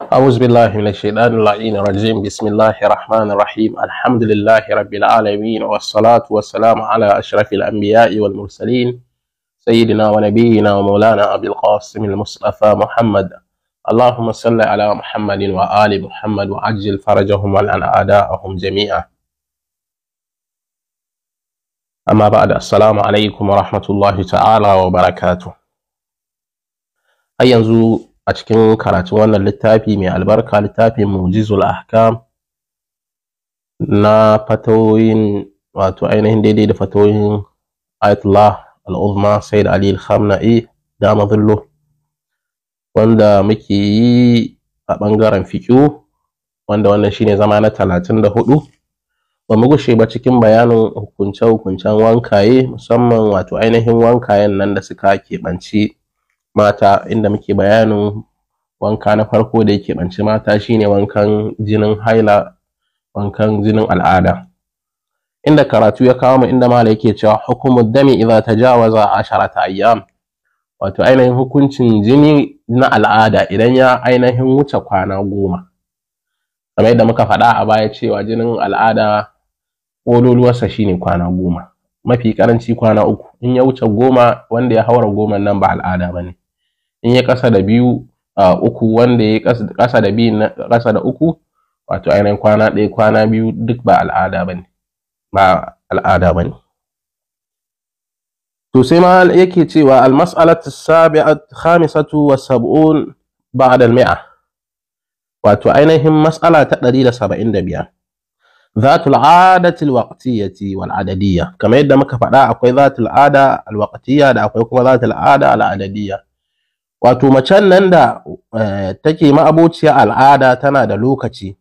أعوذ بالله من الشيطان اللعين الرجيم بسم الله الرحمن الرحيم الحمد لله رب العالمين والصلاة والسلام على أشرف الأنبياء والمرسلين سيدنا ونبينا ومولانا أبي القاسم المصطفى محمد اللهم صل على محمد وآل محمد وعجل فرجهم والعن أعداءهم جميعا أما بعد السلام عليكم ورحمة الله تعالى وبركاته أي ينزو a cikin karatun wannan littafi mai albarka littafin mujizul ahkam na fatoyin wato ainihin daidai da fatoyin ayatollah al'uzma said ali al-khamna'i dama zullo wanda muke yi a ɓangaren fiƙo wanda wannan shine zama na talatin da hudu ba mu gushe ba cikin bayanin hukunce-hukuncen wankaye musamman wato ainihin wankayen nan da suka keɓanci mata inda muke bayanin wanka na farko da yake ɓance mata shine wankan jinin haila wankan jinin al'ada inda karatu ya kawo mu inda mala yake cewa hukumu dami idza tajawaza asharata ayyam wato ainihin hukuncin jini na al'ada idan ya ainihin wuce kwana goma kamar yadda muka faɗa a baya cewa jinin al'ada ƙololuwarsa shine kwana goma mafi karanci kwana uku in ya wuce goma wanda ya haura goma nan ba al'ada ba ne in ya ƙasa da biyu Uh, uku wanda ya yi ƙasa da biyu na ƙasa da uku wato ainihin kwana ɗaya kwana biyu duk ba al'ada bane ba al'ada bane to sai ma yake cewa al-mas'alatu sabi'at khamisatu wa sab'un ba'da al-mi'a wato ainihin mas'ala ta 175 zatul adati al-waqtiyyati wal adadiyya kamar yadda muka faɗa akwai zatul ada al-waqtiyya da akwai kuma zatul ada wato macen nan da eh, take ma'abociya al'ada tana da lokaci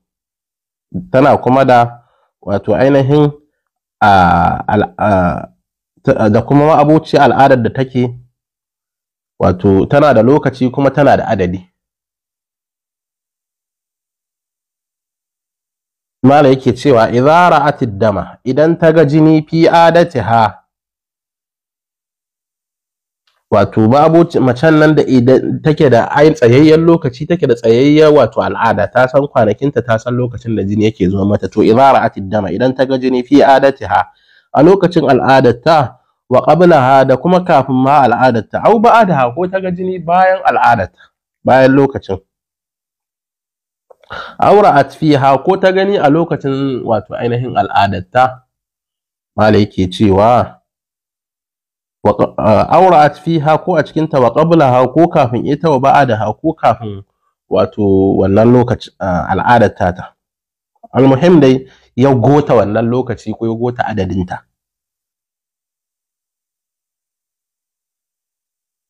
tana kuma da wato ainihin da kuma ma'abociya al'adar da take wato tana da lokaci kuma tana da adadi mala yake cewa idza ra'atid dama idan ta ga jini fi adatiha wato babu macen nan da idan take da ai tsayayyen lokaci take da tsayayya wato al'ada ta san kwanakinta ta san lokacin da jini yake zuwa mata to idza atid dama idan ta ga jini fi adatiha a lokacin al'adarta wa qablaha da kuma kafin ma al'adarta au ba'daha ko ta ga jini bayan al'adarta bayan lokacin aura'at fiha ko ta gani a lokacin wato ainihin al'adarta malai ke cewa Eh, aurat fiha ko a cikinta ta wa qablaha ko kafin ita wa ba'adaha ko kafin wato wannan lokacin eh, al'adar tata almuhim dai ya gota wannan lokaci ko ya gota adadinta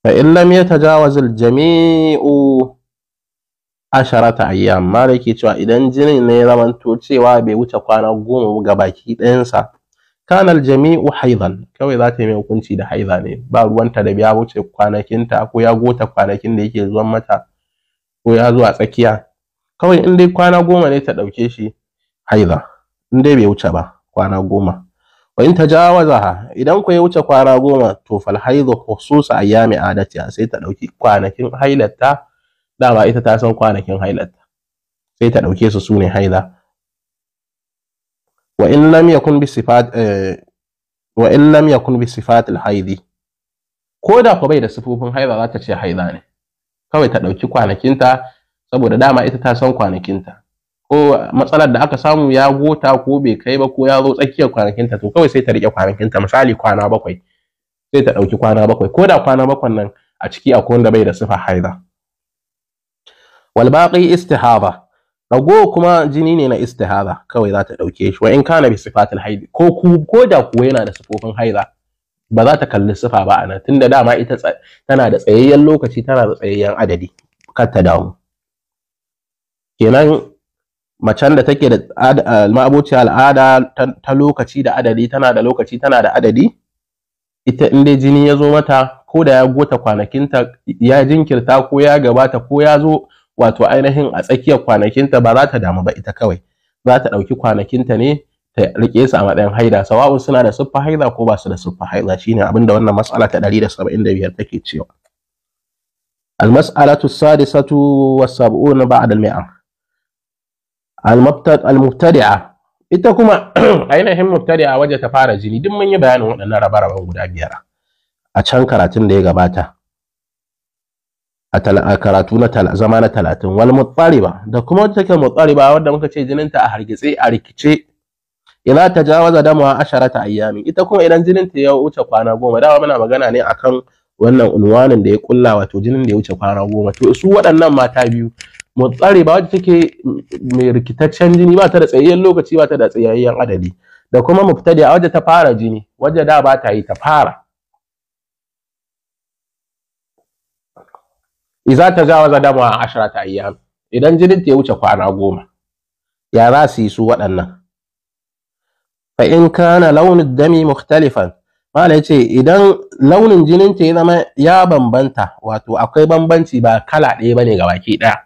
fa in lam yatajawaz al-jami'u asharata ayyam yake cewa idan jinin ne ya zamanto cewa bai wuce kwana goma ga baki ɗayansa kana aljami'u haidan kawai za ta yi mai hukunci da haiza ne ba ruwanta da biya wuce kwanakinta ko ya gota kwanakin da yake zuwan mata ko ya zuwa tsakiya kawai in dai kwana goma ne ta ɗauke shi haiza in dai bai wuce ba kwana goma wa in ha idan ku ya wuce kwana goma to fal haidu khususa ayami adati sai ta ɗauki kwanakin hailarta dama ita ta san kwanakin hailarta sai ta ɗauke su sune haiza wa in lam yakun bi eh, bi sifat al-haidi ko da ko bai da sifofin haida za ta ce haida ne kawai ta ɗauki kwanakinta saboda dama ita ta san kwanakinta ko matsalar da aka samu ya gota ko bai kai ba ko ya zo tsakiyar kwanakinta to kawai sai ta riƙe kwanakinta misali kwana bakwai sai ta ɗauki kwana bakwai ko da kwana bakwai nan a ciki akwai wanda bai da sifa haida wal baqi istihaba ragowa kuma jini ne na istihaba kawai za ta ɗauke shi wa in kana bi sifatil haidi ko ko da kuwa yana da sifofin haiza? ba za ta kalli sifa ba ana. tunda dama ita tana da tsayayyen lokaci tana da tsayayyen adadi kar ta damu kenan macen da take da ma'abuci al'ada ta lokaci da adadi tana da lokaci tana da adadi ita in dai jini ya zo mata ko da ya gota kwanakinta ya jinkirta ko ya gabata ko ya zo wato ainihin a tsakiyar kwanakinta ba za ta damu ba ita kawai za ta ɗauki kwanakinta ne ta rike su a matsayin haida sawa'u suna da siffa haida ko ba su da siffa haida shine abin da wannan mas'ala ta 175 take cewa المسألة السادسة والسبعون بعد المئة المبتدعة ita kuma ainihin mubtadi'a waje ta fara jini duk mun yi bayanin waɗannan raba-raban guda biyar a can karatun da ya gabata a karatu na zama na talatin wal mutsariba da kuma wacce take mutsariba wadda muka ce jininta a hargitse a rikice idza tajawaza damuha asharata ayyami ita kuma idan jininta ya wuce kwana goma dawa muna magana ne a kan wannan unwanin da ya kulla wato jinin da ya wuce kwana goma to su waɗannan mata biyu mutsariba wadda take mai rikitaccen jini ba ta da tsayayyen lokaci ba ta da tsayayyen adadi da kuma a wadda ta fara jini waje da ba ta yi ta fara iza ta jawaza dama ta ayyam idan jinin ta wuce kwana goma ya za su yi su waɗannan fa in kana launin dami mukhtalifan mala ce, idan launin jinin ta ya zama ya bambanta wato akwai bambanci ba kala ɗaya ba ne ga baki ɗaya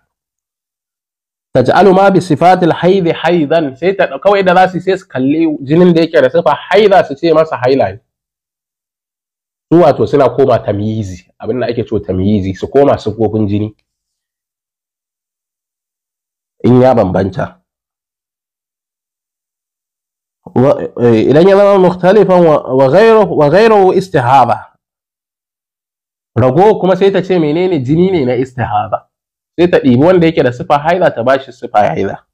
taj'alu ma bi sifatil haidhi haidan sai ta kawai da za su sai su kalli jinin da yake da sifa haida su ce masa haila ne su wato suna koma tamyizi abin da ake cewa tamyizi su koma sufofin jini in ya bambanta eh, idan ya zama mukhtalifan wa ghairu istihaba rago kuma sai ta ce menene jini ne na istihaba sai ta ɗibi wanda yake da sifa haila ta bashi sifa haila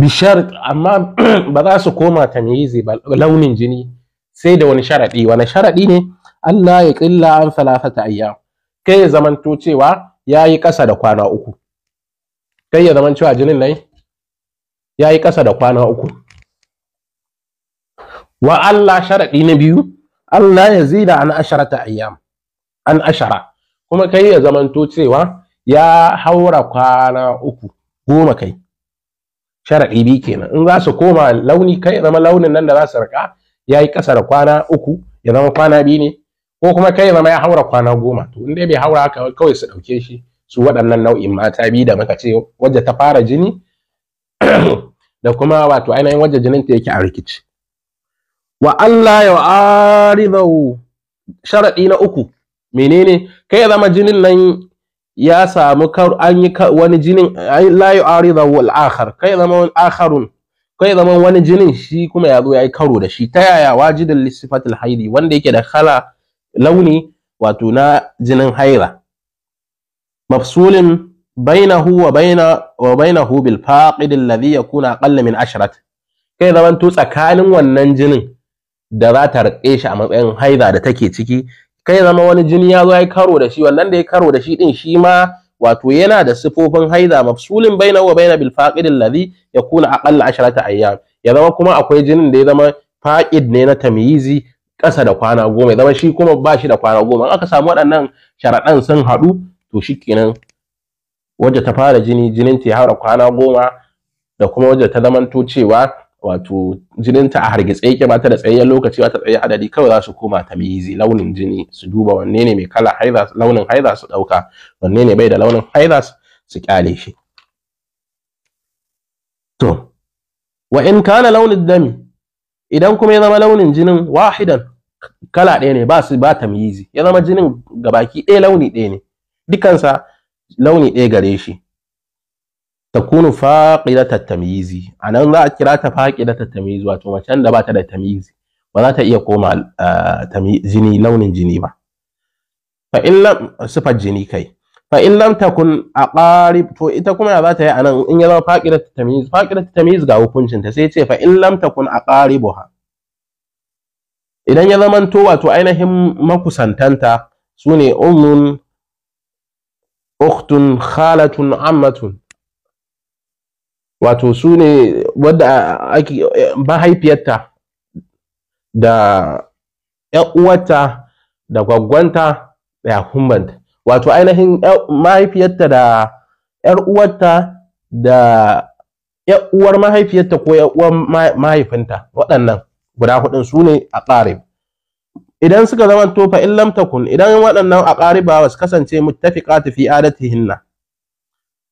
bishar amma ba za su koma tamyizi ba launin jini sai da wani sharaɗi wani sharaɗi ne Allah ya ƙilla an salasata ayyam kai ya zamanto cewa ya yi ƙasa da kwana uku kai ya zaman cewa jinin nan ya yi ƙasa da kwana uku wa Allah sharaɗi na biyu Allah ya zida an asharata ayyam an ashara kuma kai ya zamanto cewa ya haura kwana uku goma kai sharaɗi biyu kenan in za su koma launi kai zama launin nan da za su rika ya yi ƙasa da kwana uku ya zama kwana biyu ne ko kuma kai ya zama ya haura kwana goma to in dai bai haura haka kawai su ɗauke shi su waɗannan nau'in mata biyu da muka ce wajen ta fara jini da kuma wato ainihin wajen jinin ta yake a rikici wa Allah ya aridahu sharaɗi na uku menene kai ya zama jinin nan ya samu an yi wani jinin la yu'aridahu al-akhar kai ya zama akharun kai zaman wani jinin shi kuma ya zo ya yi karo da shi ta yaya wajidin lissifatul haidi wanda yake da kala launi wato na jinin haila mafsulin bainahu wa baina wa bainahu bil faqid alladhi yakuna aqall min ashrat kai zaman to tsakanin wannan jinin da za ta rike shi a matsayin haila da take ciki kai zama wani jini ya zo ya yi karo da shi wannan da ya karo da shi din shi ma wato yana da sifofin haida mafsulin baina wa baina bil faqid alladhi yakuna aqalla asharata ayyam ya zama kuma akwai jinin da ya zama faqid ne na tamyizi ƙasa da kwana goma ya zama shi kuma ba shi da kwana goma aka samu waɗannan sharaɗan sun haɗu to shikenan Wajen ta fara jini jinin ta haura kwana goma da kuma wajen ta zamanto cewa wato jininta a hargitse yake ba ta da tsayayyen lokaci ba ta tsaye adadi kawai za su koma tamizi launin jini su duba wanne ne mai kala haiza launin haiza su dauka wanne ne bai da launin haiza su kyale shi to wa in kana launin dami idan kuma ya zama launin jinin wahidan kala ɗaya ne ba su ba tamizi, ya zama jinin gabaki ɗaya launi ɗaya ne dukansa launi ɗaya gare shi takunu faqidata tamyizi anan za a kira ta faqidata tamyizi wato macen da bata da tamyizi ba za ta iya koma ah, jini launin jini ba fa in lam sifar jini kai fa in lam takun aqarib to ita kuma ya za ta yi anan in ya zama faqidata tamyiz faqidata tamyiz ga hukuncin ta sai ce fa in lam takun aqaribuha idan ya zama to wato ainihin makusantanta sune ummun ukhtun khalatun ammatun wato su ne wadda ake mahaifiyarta da uwarta da gwaggwanta da kumbanta wato ainihin mahaifiyarta da ‘yar uwarta da ‘yar uwar mahaifiyarta ko ‘yar uwar mahaifinta waɗannan guda hudun su ne a ƙarib idan suka zama tofa, in lamta kun. idan waɗannan a ƙariba ba su kasance muttafiqati fi adatihinna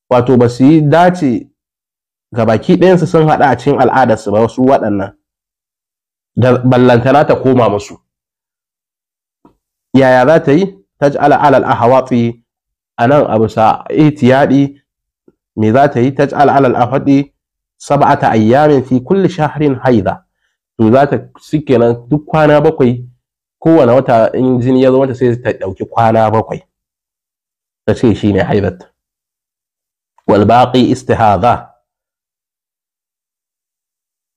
wato ba su yi dace gabaki ɗayan su sun hada a cikin al'adar su ba wasu waɗannan da ballantana ta koma musu yaya za ta yi taj'ala ala al ahwati anan abu sa ihtiyadi me za ta yi taj'ala ala al ahwati sab'ata ayyamin fi kulli shahrin haida to za ta shikenan duk kwana bakwai kowane wata in jini ya zo mata sai ta dauki kwana bakwai ta ce shine haidat wal baqi istihadha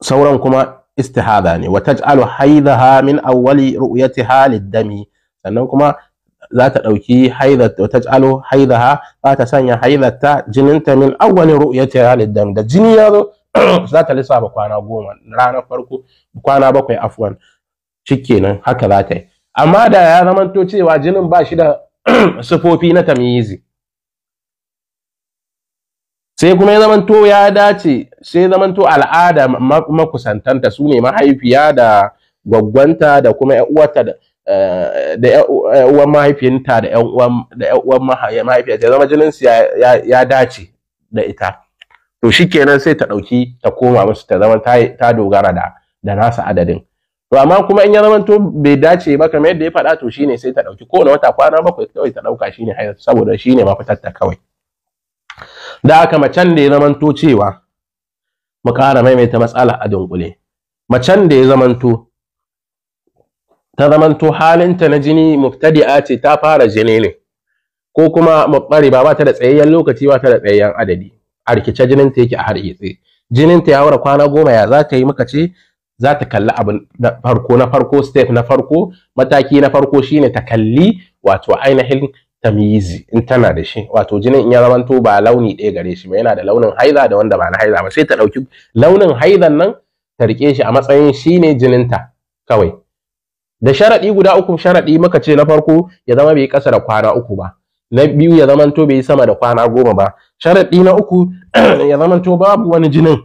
sauran kuma istihada ne Wata taj'alu haidaha min awwali ru'yatiha lid-dami sannan kuma za ta dauki haidat Wata taj'alu haidaha za ta sanya haidatta jininta min awwali ru'yatiha lid-dami da jini ya zo za ta lissafa kwana goma ranar farko kwana bakwai afwan kenan haka za ta yi amma da ya zamanto cewa jinin ba shi da sufofi na tamyizi sai kuma ya zamanto ya dace sai zamanto al'ada makusantanta su ne mahaifiya da gwaggwanta da kuma ƴan da eh, da mahaifiyanta da 'yan'uwan mahaifiya da zama jinin su ya dace da ita to kenan sai ta ɗauki ta koma musu ta zama ta dogara da nasa adadin to amma kuma in ya zamanto bai dace ba kamar yadda ya faɗa to shine sai ta ɗauki kowane wata kwana bakwai kawai ta ɗauka shine hayar saboda shine mafitar ta kawai da aka macen da ya to cewa mu ƙara maimaita matsala a dunkule macen da ya zamanto ta zamanto halinta na jini mubtadi'a ce ta fara jini ne ko kuma mubbari ba ba ta da tsayayyen lokaci ba ta da tsayayyen adadi a rikice jinin ta yake a har jinin ta ya haura kwana goma ya za ta yi muka ce za ta kalli abu. na farko na farko step na farko mataki na farko shine ta kalli wato ainihin tamizi in tana da shi wato jinin in ya zamanto ba launi ɗaya gare shi ba yana da launin haiza da wanda ba na haiza ba sai ta ɗauki launin haizan nan ta riƙe shi a matsayin shi ne jininta kawai da sharaɗi guda uku sharaɗi muka ce na farko ya zama bai ƙasa da kwana uku ba na biyu ya zamanto bai sama da kwana goma ba sharaɗi na uku ya zamanto babu wani jinin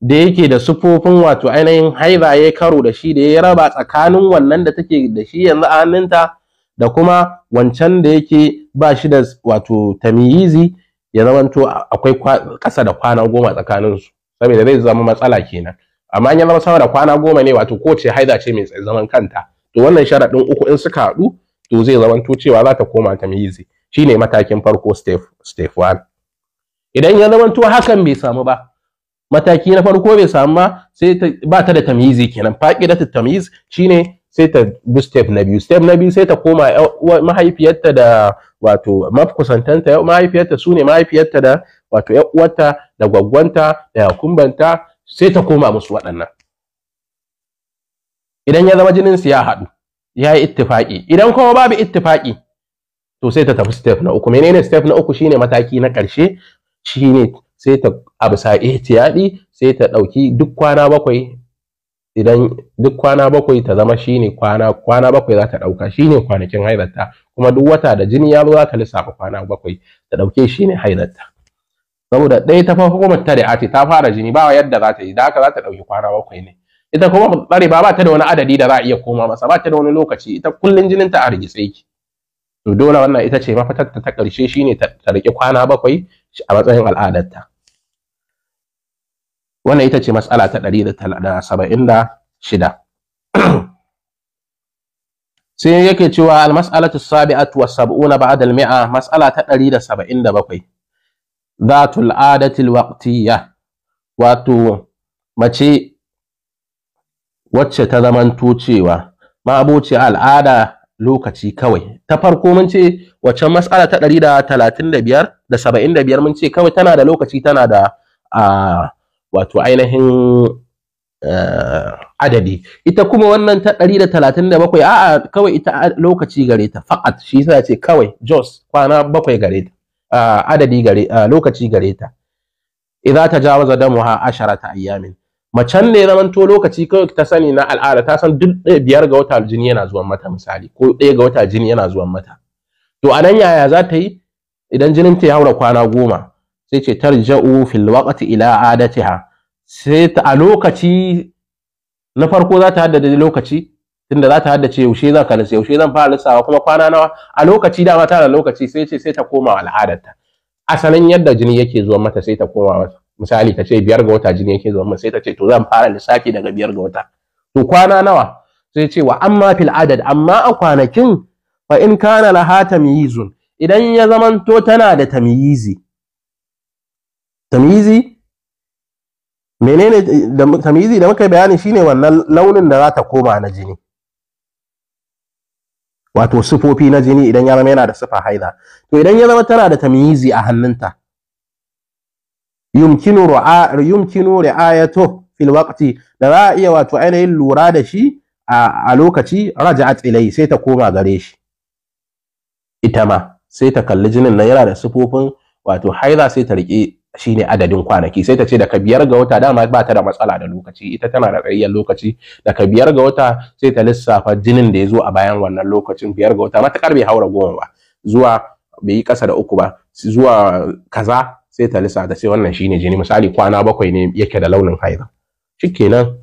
da yake da sufofin wato ainihin haiza ya karo da shi da ya raba tsakanin wannan da take da shi yanzu a hannunta da kuma wancan da yake ba shi da wato tamiyizi ya zamanto akwai kasa da kwana goma tsakanin su saboda zai zama matsala kenan amma in ya zama sama da kwana goma ne wato kowace haida ce mai zaman kanta to wannan sharaɗin uku in suka haɗu to zai zamanto cewa za ta koma tamiyizi shine matakin farko step step 1 idan ya zamanto hakan bai samu ba mataki na farko bai samu ba sai ba ta da tamyizi kenan faqidatu tamyiz shine sai ta bi step na biyu step na biyu sai ta koma mahaifiyarta da wato mafkusantanta mahaifiyarta su ne mahaifiyarta da wato da gwaggwanta da yakumbanta sai ta koma musu waɗannan idan ya zama jinin su ya haɗu ya yi ittifaƙi idan kuma babu ittifaƙi to sai ta tafi step na uku menene step na uku shine mataki na ƙarshe shine sai ta abu sa ihtiyadi sai ta ɗauki duk kwana bakwai idan duk kwana bakwai ta zama shine kwana kwana bakwai za ta ɗauka shine kwanakin haidarta kuma duk wata da jini ya zo za ta lissafa kwana bakwai ta ɗauke shine haidarta saboda ɗaya ta farko kuma ta da ta fara jini ba yadda za ta yi da haka za ta ɗauki kwana bakwai ne ita kuma tsare ba ta da wani adadi da za a iya koma masa ba ta da wani lokaci ita kullum jinin ta a rigitse yake to dole wannan ita ce mafatar ta ta ƙarshe shine ta riƙe kwana bakwai a matsayin al'adarta wannan ita ce matsala ta ɗari da saba'in da shida sai yake cewa almas'alatu sabi'atu wa sab'una ba'da al-mi'a mas'ala ta 177 dhatul adati al-waqtiyya wato mace wacce ta zamanto cewa ma'aboci al'ada lokaci kawai ta farko mun ce wacce mas'ala ta 135 da 75 mun ce kawai tana da lokaci tana da ah, wato ainihin eh, adadi ita kuma wannan ta 137 a'a kawai ita lokaci gare ta faqat shi yasa ce kawai jos kwana bakwai gare ta adadi gare lokaci gare ta idza tajawaza damuha asharata ayyamin macen ne zaman to lokaci kawai ta sani na al'ada ta san duk biyar ga wata jini yana zuwan mata misali ko ɗaya ga wata jini yana zuwan mata to anan yaya za ta yi idan jinin ta ya haura kwana goma sai ce tarja'u fil waqti ila adatiha sai a lokaci na farko za ta haddace lokaci tunda za ta haddace yaushe za ka lissa yaushe zan fara lissawa kuma kwana nawa a lokaci dama tana lokaci sai ce sai ta koma al'adarta asalin yadda jini yake zuwa mata sai ta koma mata misali ta ce biyar ga wata jini yake zuwa mata sai ta ce to zan fara lissafi daga biyar ga wata to kwana nawa sai ce wa amma fil adad amma a kwanakin fa in kana laha tamyizun idan ya zamanto tana da tamyizi Tamizi menene tamizi da muka bayani shine wannan launin da za ta koma na jini wato sifofi na jini idan ya zama yana da sufa haida to idan ya zama tana da tamizi a hannunta yumkinu ru'a yumkinu ri'ayatu fil waqti da za a iya wato ainihin lura da shi a lokaci raja'at ilai sai ta koma gare shi ita ma sai ta kalli jinin nan yana da sifofin wato haida sai ta rike shine adadin kwanaki sai ta ce daga biyar ga wata dama ba ta da matsala da lokaci ita tana da tsayayyen lokaci daga biyar ga wata sai ta lissafa jinin da ya zo a bayan wannan lokacin biyar ga wata matakar bai haura goma ba zuwa bai yi ƙasa da uku ba zuwa kaza sai ta lissafa ta ce wannan shine jini misali kwana bakwai ne yake da launin haila shikenan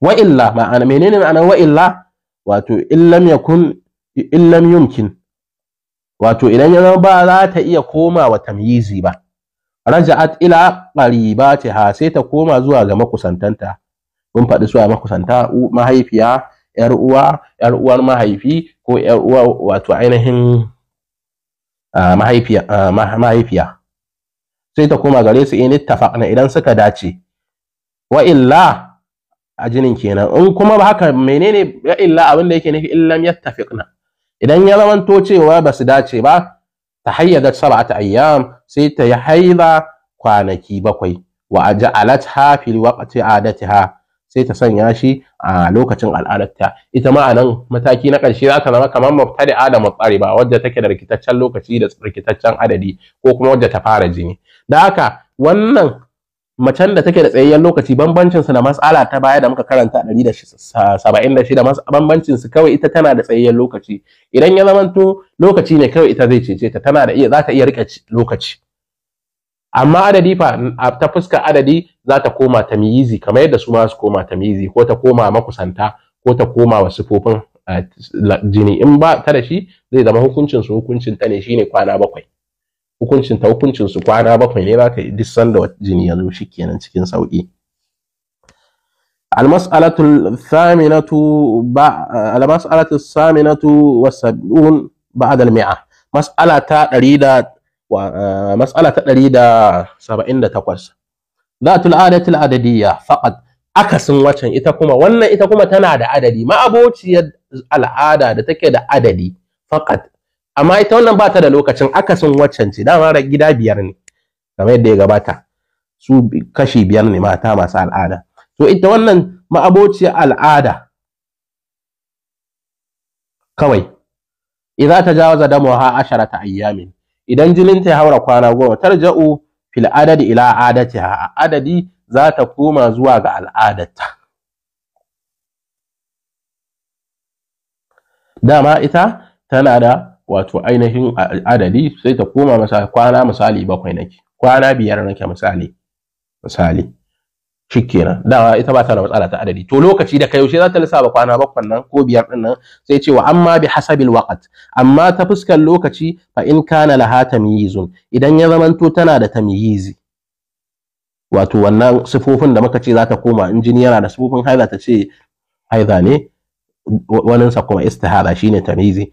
wa illa ma'ana menene ma'anar wa illa wato illam yakun illam yumkin wato idan ya zama ba za ta iya komawa tamyizi ba raja'at ila qaribatiha sai ta koma zuwa ga makusantanta mun faɗi zuwa makusanta mahaifiya yar uwa yar uwar mahaifi ko yar uwa wato ainihin mahaifiya mahaifiya sai ta koma gare su in ittafaqna idan suka dace wa illa a jinin kenan in kuma ba haka menene ya illa abin da yake nufi illam yattafiqna idan ya zamanto cewa ba su dace ba ta hayyadat sab'ata ayyam sai ta yi haila kwanaki bakwai wa ja'alatha fi waqti adatiha sai ta sanya shi a lokacin al'adarta ita ma a nan mataki na ƙarshe za ta zama kamar mubtadi'a da mutsariba wadda take da rikitaccen lokaci da rikitaccen adadi ko kuma wadda ta fara jini da haka wannan macen da take da tsayayyen lokaci bambancin su na mas'ala ta baya da muka karanta 176 bambancin su kawai ita tana da tsayayyen lokaci idan ya zamanto lokaci ne kawai ita zai cece ta tana da iya za ta iya rike lokaci amma adadi fa ta fuska adadi za ta koma ta miyizi kamar yadda su ma su koma ta miyizi ko ta koma makusanta ko ta koma wa sufofin eh, jini in ba ta da shi zai zama hukuncin su hukuncin ta ne shine kwana bakwai hukuncin ta hukuncin kwana bakwai ne baka yi duk sanda jini ya zo shikenan cikin sauki المساله الثامنه با... المساله الثامنه والسبعون بعد المئه مساله تا دريدا و... مساله تا دريدا سبعين تقوس ذات العاده العدديه فقط اكسن وچن ita kuma wannan ita kuma tana da adadi ma abociyar al'ada da take da adadi faqat amma ita wannan ba ta da lokacin akasin waccan ce dama gida biyar ne kamar yadda ya gabata su kashi biyar ne mata masu al'ada to ita wannan ma'abociyar al'ada kawai idza tajawaza damuha asharata ayyamin idan jininta ya haura kwana goma tarja'u fil adadi ila adatiha adadi za ta koma zuwa ga al'adarta dama ita tana da wato ainihin adadi sai ta koma masa kwana misali bakwai nake kwana biyar nake misali misali shikenan dawa ita ba ta da matsala ta adadi to lokaci da kai yaushe za ta lissafa kwana bakwai nan ko biyar din nan sai cewa wa amma bi hasabil waqt amma ta fuskar lokaci fa in kana laha tamyizun idan ya zamanto tana da tamyizi wato wannan sifofin da muka ce za ta koma in jini yana da sifofin haiza ta ce haiza ne waninsa kuma istihara shine tamyizi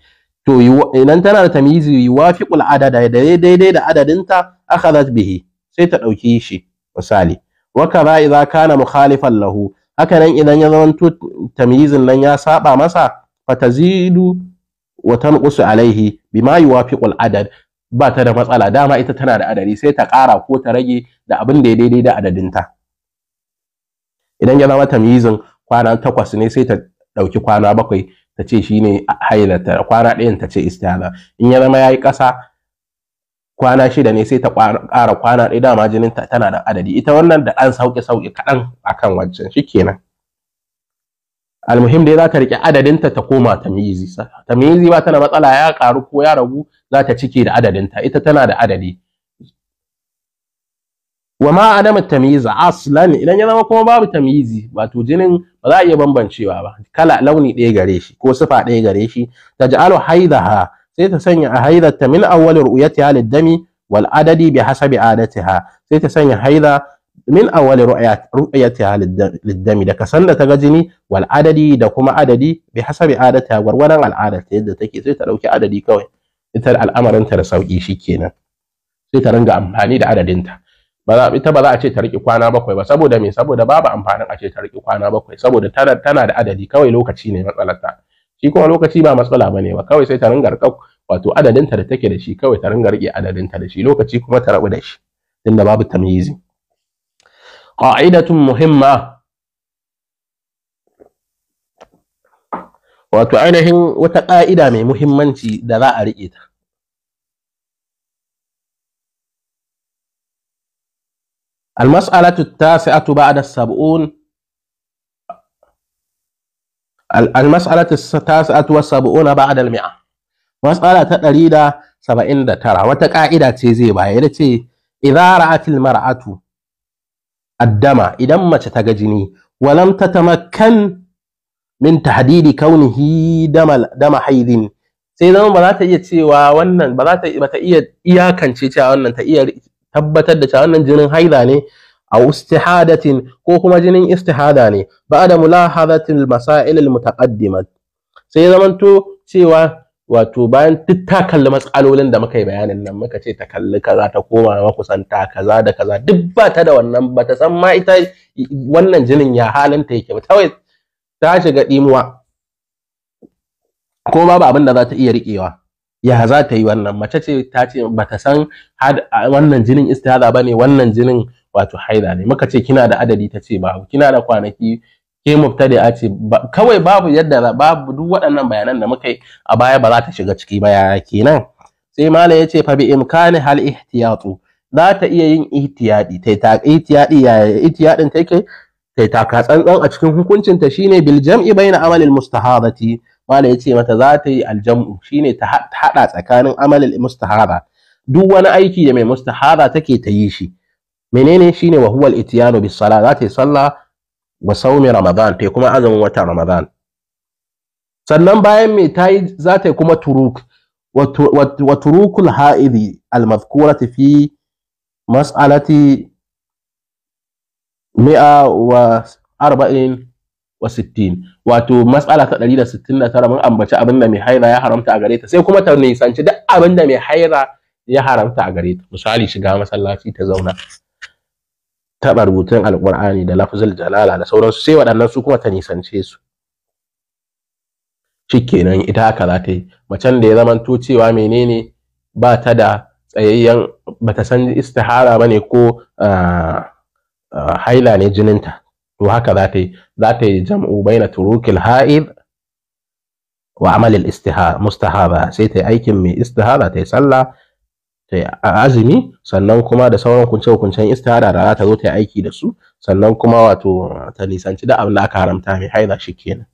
to idan tana da tamyizi yuwafiqul adada daidai da adadinta akhadhat bihi sai ta dauki shi misali wa kaza idza kana mukhalifan lahu haka nan idan ya zamanto tamyizin nan ya saba masa fatazidu wa tanqusu alaihi bima yuwafiqul adad ba ta da matsala dama ita tana da adadi sai ta ƙara ko ta rage da abin da ya daidai da adadinta idan ya zama tamyizin kwana takwas ne sai ta ɗauki kwana bakwai ta ce shine hailata kwana ɗayan ta ce istihada in ya zama ya yi ƙasa kwana shida ne sai ta ƙara kwana ɗaya dama jinin ta tana da adadi ita wannan da an sauke sauke kaɗan akan wancan shi shikenan almuhim dai za ta riƙe adadin ta ta koma Ta tamizi ba tana matsala ya ƙaru ko ya ragu za ta cike da adadinta ita tana da adadi wa ma adama tamyiza aslan idan ya zama kuma babu tamyizi wato jinin ba za a iya bambancewa ba kala launi ɗaya gare shi ko sifa ɗaya gare shi taj'alu haidaha sai ta sanya a haidarta min awwal ru'yatiha lid-dami wal adadi bi hasabi adatiha sai ta sanya haida min awwal ru'yatiha lid-dami da kasan da ta ga jini wal adadi da kuma adadi bi hasabi adatiha gwargwadon al'adarta yadda take sai ta dauki adadi kawai ita al'amarin ta da sauki shikenan sai ta ringa amfani da adadinta ba za ita ba za a ce ta riƙe kwana bakwai ba saboda me saboda babu amfanin a ce ta riƙe kwana bakwai saboda tana tana da adadi kawai lokaci ne matsalar shi kuma lokaci ba matsala bane ba kawai sai ta ringa riƙa wato adadin ta da take da shi kawai ta ringa riƙe adadin ta da shi lokaci kuma ta rabu da shi tunda babu tamyizi qa'idatun muhimma wato ainihin wata ƙa'ida mai muhimmanci da za a riƙe ta المسألة التاسعة بعد السبعون المسألة التاسعة والسبعون بعد المئة مسألة تدريد سبعين ترى وتقاعدة تيزي بايرتي إذا رأت المرأة الدم إذا ما تتجني ولم تتمكن min tahdidi kaunihi dama dama haidin sai zama ba za ta iya cewa wannan ba za ta ba ta iya iyakance cewa wannan ta iya tabbatar da cewa jinin haila ne a istihadatin ko kuma jinin istihada ne ba'da mulahadatil masail al sai zamanto cewa wato bayan duk ta kalli matsalolin da muka yi bayanin nan muka ce ta kalli kaza ta koma makusanta kaza da kaza duk ba ta da wannan ba ta san ma ita wannan jinin ya halinta yake ba kawai ta shiga dimuwa ko babu abin da za ta iya riƙewa ya za ta yi wannan mace ce ta ce ba ta san wannan jinin istihaza ba ne wannan jinin wato haila ne muka ce kina da adadi ta ce babu kina da kwanaki ke mubtadi da ce kawai babu yadda babu duk waɗannan bayanan da muka yi a baya ba za ta shiga ciki ba ya kenan sai malam ya ce fa bi imkani hal ihtiyatu za ta iya yin ihtiyadi tai ta ihtiyadi ya ihtiyadin take tai ta tsantsan a cikin hukuncin ta shine bil jam'i baina amalil mustahadati wala yace mata za ta yi aljam'u shine ta hada tsakanin amalin mustahara duk wani aiki da mai mustahara take ta yi shi menene shine wa huwa al-ityanu bis sala za ta yi sallah wa sawmi ramadan ta kuma azumin wata ramadan sannan bayan mai ta yi za ta kuma turuk wa turukul ha'idi al-madhkurati fi mas'alati 140 wato matsala ta ɗari da sittin da tara mun ambaci abin da mai haira ya haramta a gare ta sai kuma ta nisanci duk abin da mai haira ya haramta a gare ta misali shiga masallaci ta zauna taɓa rubutun alƙur'ani da lafzul jalala da sauransu sai waɗannan su kuma ta nisance su shikenan ita haka za ta yi macen da ya to cewa menene ba ta da tsayayyen ba ta san istihara ba ne ko ah, ah, haila ne jininta to haka za ta yi za ta yi jam'u baina turukil ha'id wa amalin mustahaba sai ta yi aikin mai istihara ta yi sallah ta yi azumi sannan kuma da sauran kunce kuncen istihara da za ta zo ta yi aiki da su sannan kuma wato ta nisanci da abin da aka haramta mai haila shi kenan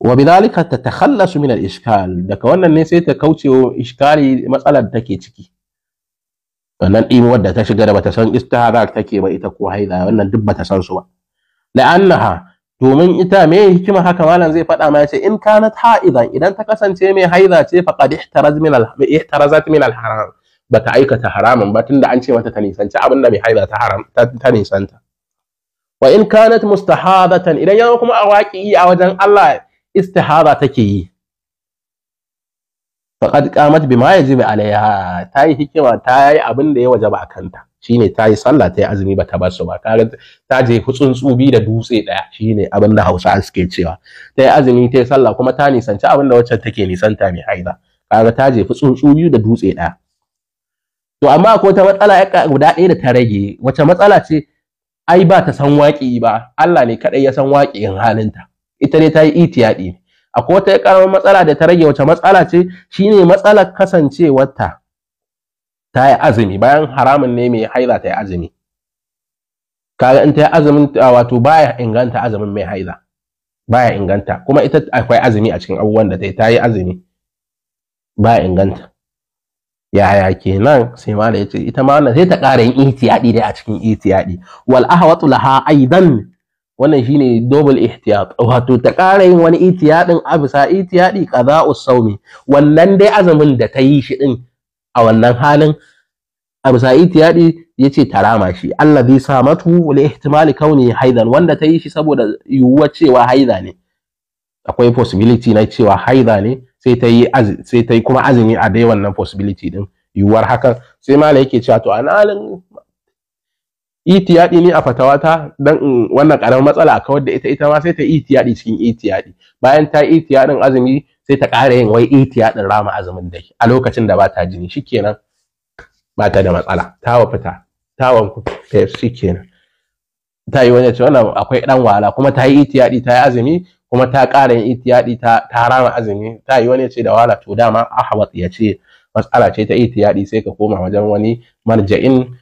wa bidhalika ta min al-ishkal daga wannan ne sai ta wa iskali matsalar da take ciki wannan ɗimuwar da ta shiga da bata san istihara take ba ita ko haila wannan duk bata san su ba la'annaha domin ita me hikima haka malam zai faɗa ma yace in kanat ha'idan idan ta kasance mai haiza ce faqad ihtaraz min al ihtarazat min al haram bata aikata haramun ba tunda an ce mata ta nisanci abin da mai haiza ta haram ta nisanta wa in kanat mustahadatan idan yana kuma a waƙi a wajen Allah istihada take yi faqad qamat bima yajibu alaiha ta yi hikima ta yi abin da ya wajaba a kanta shine ta yi sallah ta yi azumi ta ba su ba kaga ta je tsuntsu da dutse daya shine abin da Hausa suke cewa ta yi azumi ta yi sallah kuma ta nisanci abin da wacce take nisanta mai haida kaga ta je tsuntsu biyu da dutse daya to amma akwai wata matsala guda ɗaya da ta rage wacce matsala ce ai ba ta san waƙi ba Allah ne kaɗai ya san in halinta ita ne ta yi itiyadi akwai wata karamar matsala da ta rage wacce matsala ce shine matsalar kasancewarta ta yi azumi bayan haramun ne mai haiza ta yi azumi kaga in ta yi azumin wato baya inganta azumin mai haila baya inganta kuma ita akwai azumi a cikin abubuwan da ta yi azumi baya inganta yaya kenan sai mala yace ita ma sai ta ƙara yin ihtiyadi dai a cikin ihtiyadi wal ahwatu laha aidan wannan shine double ihtiyat wato ta ƙara yin wani itiyaɗin abisa, bisa ihtiyadi qada'us sawmi wannan dai azumin da ta yi shi din a wannan halin abu sa'id yaɗi ya ce ta rama shi Allah zai sa matu ihtimali kauni haidan wanda ta yi shi saboda yuwa cewa haida ne akwai possibility na cewa haida ne sai ta yi sai ta kuma azumi a dai wannan possibility din yiwuwar hakan sai mala yake cewa to an halin itiyadi ne a fatawata dan wannan karamar matsala a kawar da ita ita ma sai ta itiyadi cikin itiyadi bayan ta itiyadin azumi sai ta ƙara yin wai itiya din rama azumin dai a lokacin da bata jini shikenan bata da matsala tawa fita tawon eh, shikenan ta yi wani ce wannan akwai dan wahala kuma ta yi itiyadi ta yi azumi kuma ta ƙara yin itiyadi ta ta rama azumi ta yi wani ce da wahala to dama ahwat ya ce matsala ce ta itiyadi sai ka koma wajen wani marja'in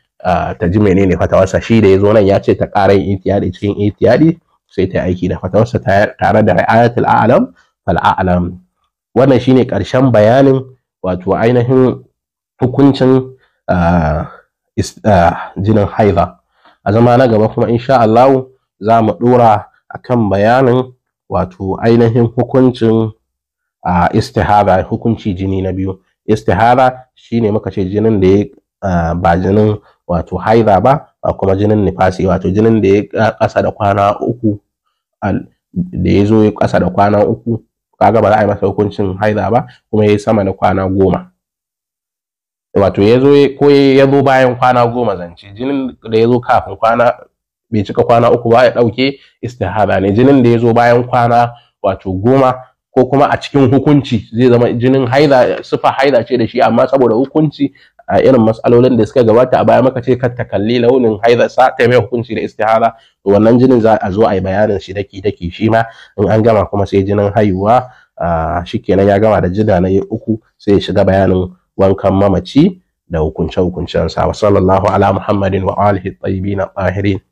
ta ji menene fatawarsa shi da ya zo nan ya ce ta ƙara yin itiyadi cikin itiyadi sai ta aiki da fatawarsa tare da ra'ayatul a'lam fal a'lam wannan shine ƙarshen bayanin wato ainihin hukuncin jinin haiza a zama na gaba kuma insha Allah za mu ɗora a kan bayanin wato ainihin hukuncin istihara hukunci jini na biyu istihara shine muka ce jinin da ya ba jinin wato haiza ba ba kuma jinin nifasi wato jinin da ya ƙasa da kwana uku da ya zo ya ƙasa da kwana uku kaga ba za a yi masa hukuncin haida ba kuma ya yi sama da kwana goma wato ya zo ko ya zo bayan kwana goma zance jinin da ya zo kafin kwana bai cika kwana uku ba ya ɗauke istihada ne jinin da ya zo bayan kwana wato goma ko kuma a cikin hukunci zai zama jinin sifa sufa haida ce da shi amma saboda hukunci a irin mas'alolin da suka gabata a baya maka ce kar ta kalli launin haida sa ta mai hukunci da istihara to wannan jinin za a zo a yi bayanin shi daki daki shi ma in an gama kuma sai jinin haihuwa shikenan ya gama da jina na uku sai ya shiga bayanin wankan mamaci da hukunce hukuncensa sa sallallahu ala muhammadin wa alihi tayyibin tahirin